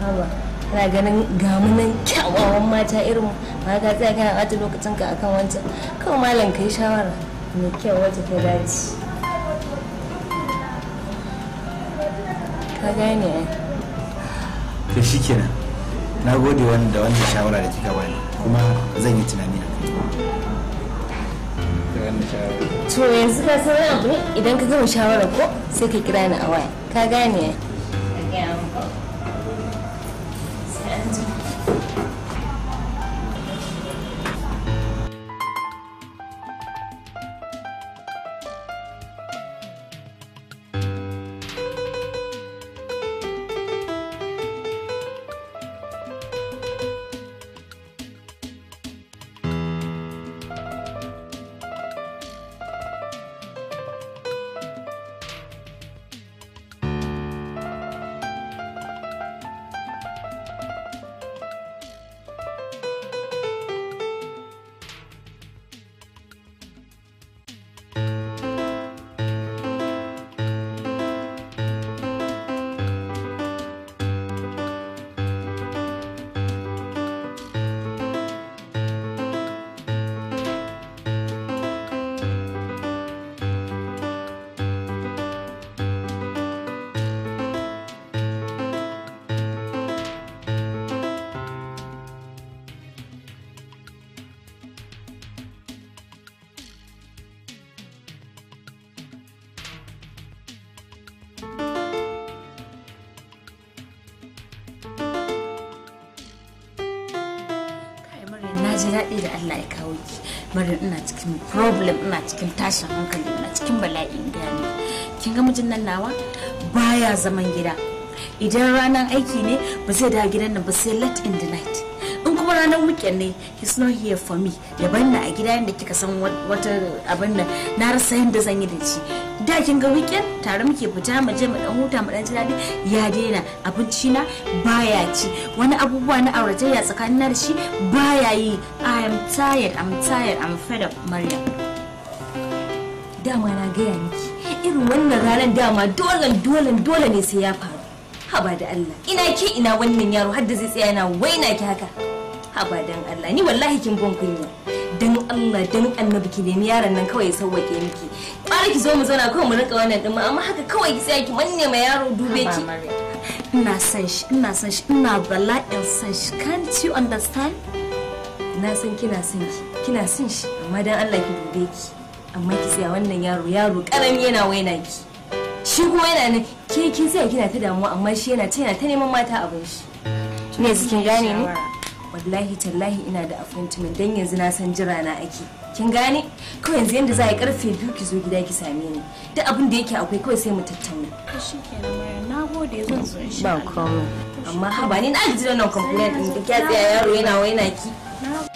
haba kana ganin gamunan kyawawan mata irin mu ma ka tsaya kana bata lokacin ka kan wancan kawai malam kai shawara mai kyau wacce ta dace ka gane to na gode wanda wanda shawara da kika bani kuma zan yi tunani a to yanzu ka san idan ka gama shawara ko sai ka kira ni a waya ka gane zaɓi da Allah ya kawo ki marin ina cikin problem ina cikin tashin hankali ina cikin bala'i in gaya kin ga mijin nan nawa baya zaman gida idan ranar aiki ne ba zai dawo gidan nan ba sai late in the night in kuma ranar weekend ne he's not here for me ya banna a gida yanda kika san wata abin nan na rasa yanda zan yi da shi da kin ga weekend tare muke fita mu je mu dan huta mu dan ji daɗi ya daina abinci na baya ci wani abubuwa na auratayya tsakanin na da shi baya yi am tired, I'm tired, I'm fed up, Maryam. Dama na gaya miki, irin wannan ranar dama dole dolan dole ne sai ya faru. Haba da Allah, ina ke ina wannan yaro har da zai tsaya yana waina ki haka. Haba dan Allah, ni wallahi kin bon kunya. Dan Allah, dan annabi ki nemi yaron nan kawai ya sauwake miki. Ƙara ki zo mu zauna kawai mu rinka wannan ɗin amma haka kawai ki tsaya ki manne ma yaro dube ki. Ina son shi, ina son shi, ina bala'in son shi. Can't you understand? na san kina son shi kina son shi amma dan Allah ki dube ki amma ki tsaya wannan yaro yaro karami yana waina ki shi kuma yana ne ke kin tsaya kina ta damuwa amma shi yana ta yana ta neman mata abin shi ne kin gane ni wallahi tallahi ina da appointment dan yanzu na san jira na ake kin gane kawai yanzu yanda za a yi karfe biyu ki zo gida ki same ni duk abin da yake akwai kawai sai mu tattauna kenan na gode zan zo insha Allah ba komai amma haba ni na ji da wannan complaint din ki tsaya yaro yana waina ki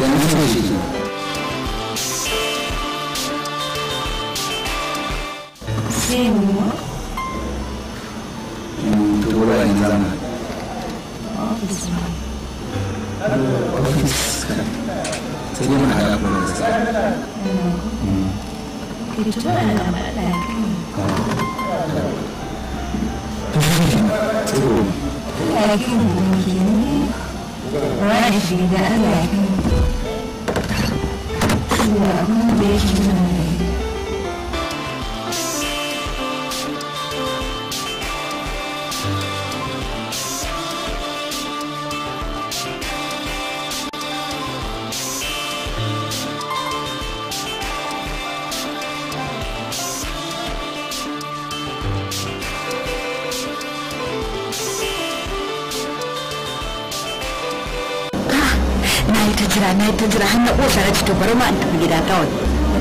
정한 것이지. 세모? 음, 그거라 인자마. 어디서? 어디서? 제대로 하라고 그랬어. 음. 그리고 좀 알아봐. 어. 그리고. 그리고. to bari ma in gida kawai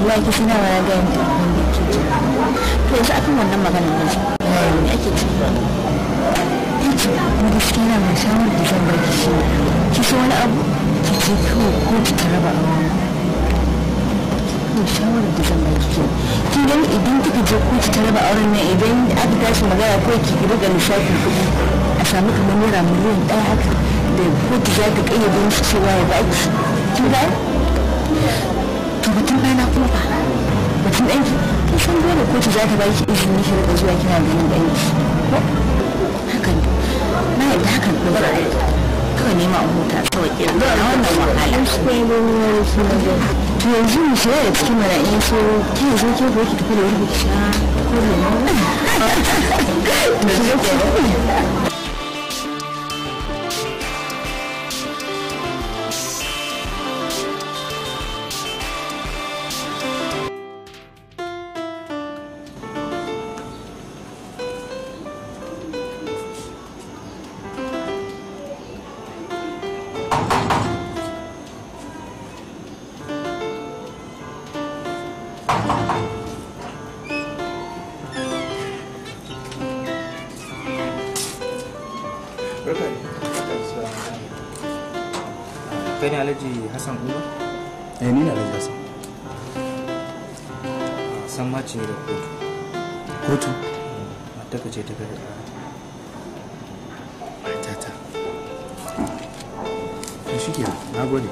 ruwa ki suna wa na gaya mutum abin da ke ji to yanzu akan wannan maganar da su ne ake ci ce ni gaskiya na mai shawarar da zan baki shi ki so wani abu ki ce kawai ko ki ta raba ne shawarar da zan baki ke kin gani idan kika je ko ki ta raba auren nan idan aka tashi magana ko ki riga lissafin kuɗi a samu kamar naira miliyan ɗaya haka da kotu za ta ƙayyade musu cewa ya ba ki kin ga aikin ɗanki san dole kotu za ta ba ki izini ki rika zuwa kina ganin ɗanki hakan na yadda hakan ko ba kawai nema a huta ke da wannan wahalar su ne ne ne ne ne to yanzu mu shiga da cikin mana in so ki yanzu ki ko ki tafi da wuri ki sha ko da ne kotu mata ka ce ta kai matata shi ke na gode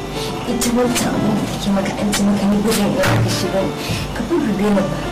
ita wata abin da ke maka an ci maka ni gudun ya ka shi bane ka fi rube ni ba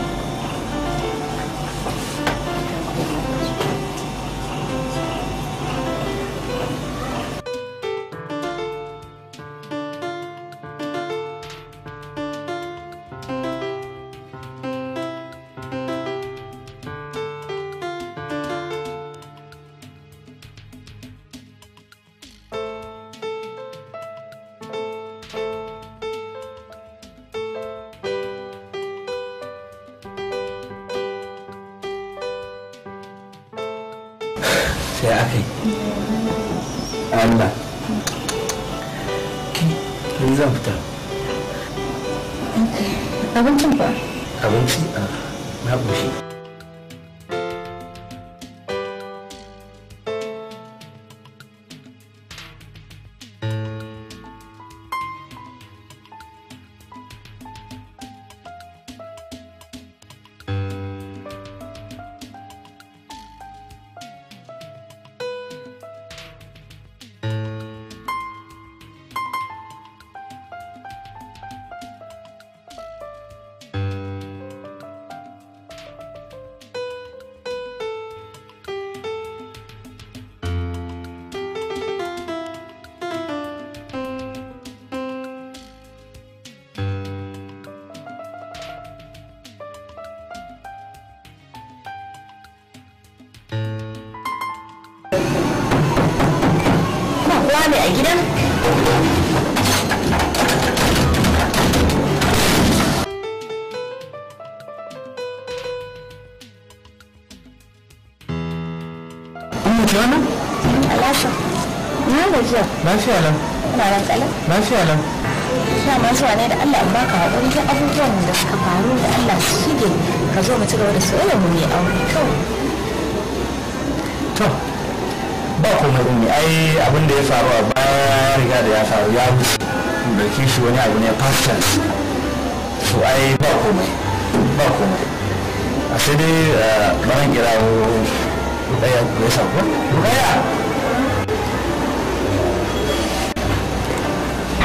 lafiya nan ina nan kalan lafiya nan ya ma zuwa ne da Allah in baka hakuri duk abubuwan da suka faru da Allah su shige ka zo mu ci gaba da soyayya mu ne aure kawai to ba komai ne ai abin da ya faru a baya riga da ya faru ya wuce da kishi wani abu ne past tense so ai ba mai ba komai a sai dai eh, baran kirawo ɗaya ya sako ɗaya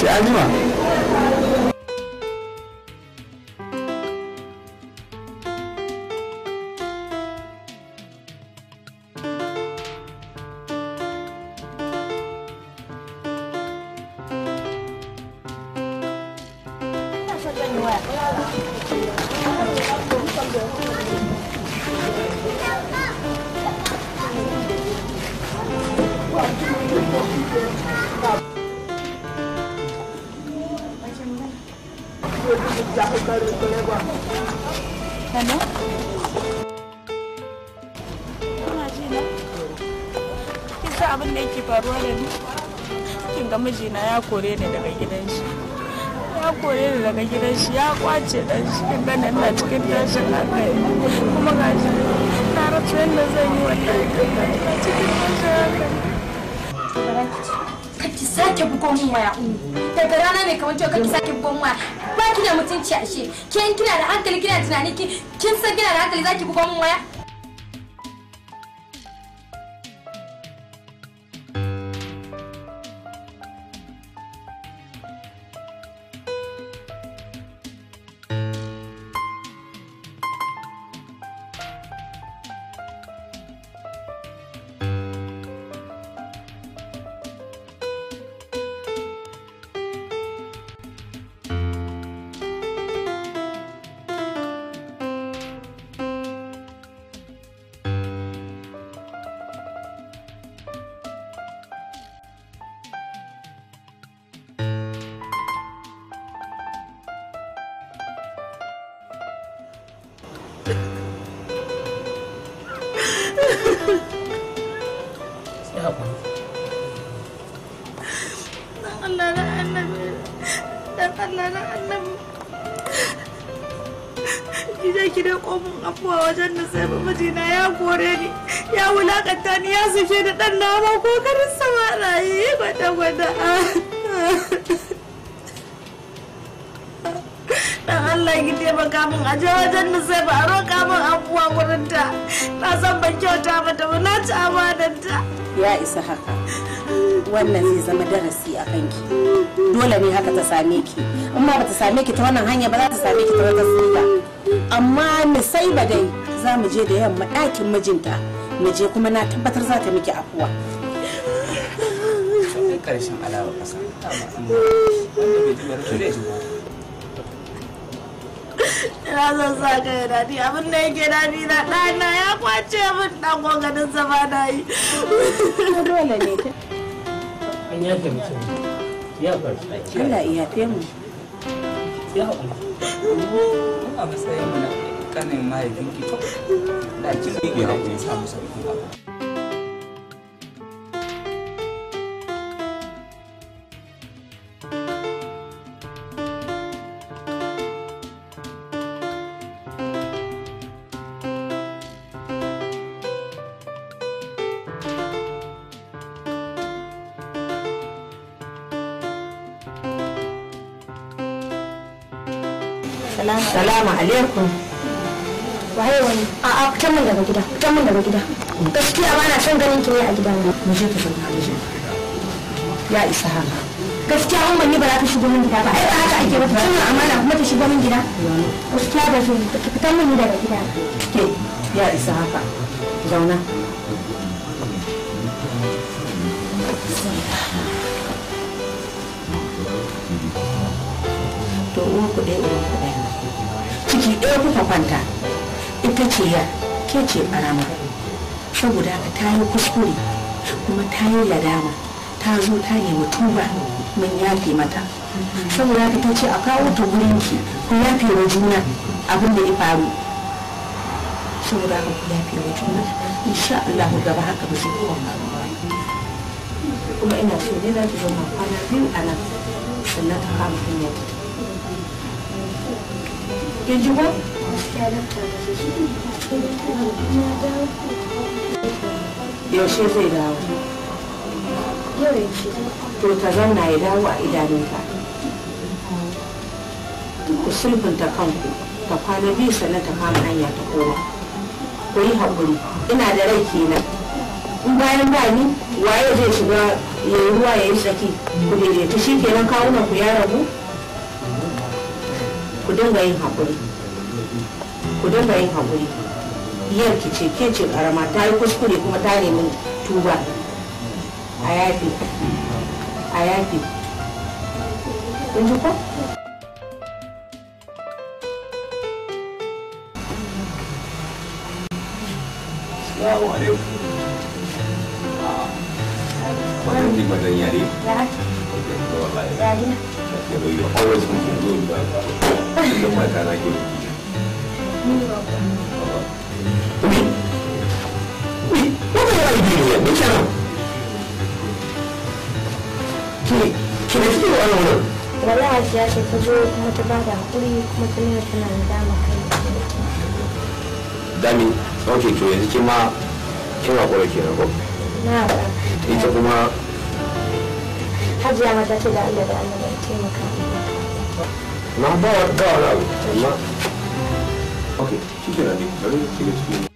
Şey mi? kore ni daga gidan shi ya kore ni daga gidan shi ya kwace dan shi kin ga nan na cikin tashin hankali kuma ga shi na rasa yadda zan yi wannan cikin tashin hankali kaki sake bugon waya daga rana ne kamar jiya kaki sake bugon waya ba ki da mutunci a she kin kina da hankali kina tunani kin san kina da hankali zaki bugon waya su ce da ɗan nama ko karin sama raye gwada-gwada. Dan Allah gide ba min a je wajen da sai ba a roƙa min abuwa wurin ta. Na san ban kyauta ba ta na ci amanar ta. Ya isa haka. Wannan zai zama darasi a kanki. Dole ne haka ta same ki. In ba ta same ki ta wannan hanya ba za ta same ki ta wata ba Amma ni sai ba dai za mu je da yamma ɗakin mijinta. mu je kuma na tabbatar za ta miki afuwa karshen alawa ina son sa ka yi daɗi abin da yake daɗi na ɗana ya kwace min ɗan gwagwanin zama na yi dole ne ta an ya ya Allah iya ya haƙuri mu na 작가님 나의 인기 톱. 나 지금 이거 인사하면서 이거. Salamu alaikum. haihuwa ne a a fitan mun daga gida fitan mun daga gida gaskiya ba na son ganin ki ne a gida ne mu je ki zauna ya isa haka gaskiya an ban yi ba za ta shigo min gida ba ai ba haka ake ba fitan mun amana kuma ta shigo min gida gaskiya ba zai ki fitan mun daga gida ke ya isa haka zauna to uwa ku uwa ku ciki ɗaya kuka kwanta ita ce ya ke ce karama saboda ka ta yi kuskure kuma ta yi ladama ta zo ta nemi tuba mun yafe mata saboda ka ta ce a kawo ta gurin ki ku yafe wa juna abin da ya faru saboda ka ku yafe wa juna insha Allah ba haka ba zai kuma kuma ina so ne za zo ma kwana biyu a nan sannan ta kama hanyar ta. Yanzu ba? yaushe zai dawo to ta zanna ya dawo a idanunka ku sulhunta kanku ta kwana biyu sannan ta kama hanya ta koma ku yi haƙuri ina da rai kenan in bayan bani waye zai shiga ya yi ruwa ya yi tsaki ku daidaita shi kenan kawunan ku ya rabu ku dinga yin haƙuri ku dinga yin haƙuri yar ki ce ke ce ƙarama ta yi kuskure kuma ta nemi tuba a yafi a yafi kun ji ko Yeah, Ya. Ya. Ya. Ya. Ya. yeah, yeah. wallahi ya ce ta zo kuma ta bada hakuri kuma ta nuna tana da dama kai dami ok to yanzu ke ma kin hakura ke na ko na ba ita kuma hajiya mata ce da Allah da Allah ya taimaka na ba wa ga wani abu amma 오케이. 춤춰야지. 여기 되게 춤이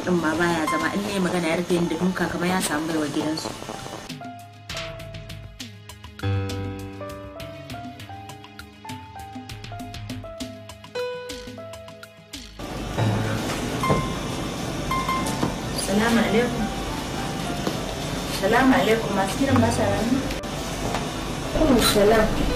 toilet din ma baya zama in ne magana ya rufe da duka kamar ya samu baiwa gidansu Salamu alaikum. Salamu alaikum masu kiran masara. Kuma salam.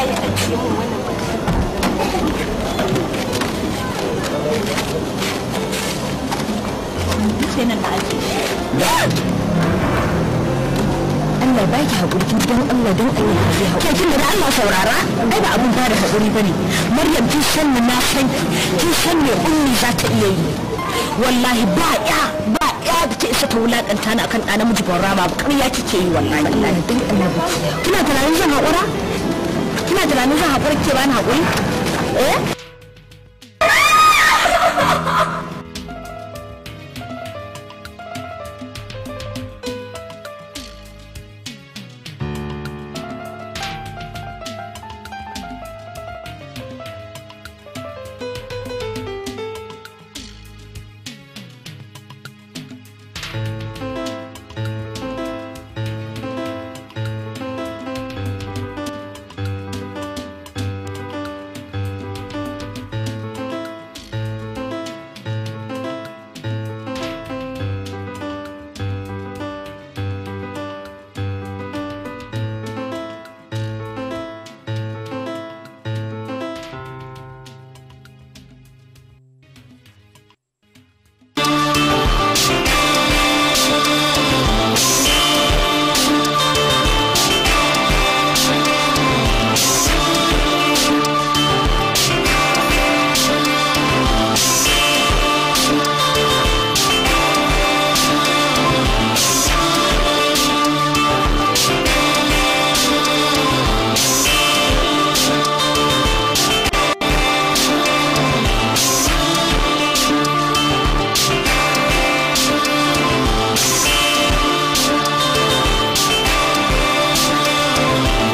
za Allah ba ki haƙuri don Allah don Allah ya ji haƙuri. Kin da Allah saurara? Ai ba abun ba da haƙuri bane. Maryam kin san ni na san ki. kin san me ummi za ta iya yi. Wallahi ba ya ba ya ta isa ta wulakanta ni akan ɗa namiji ban rama ba ƙarya kike yi wallahi. Kina tunanin zan haƙura? kina tunanin zan haƙuri ke bani haƙuri eh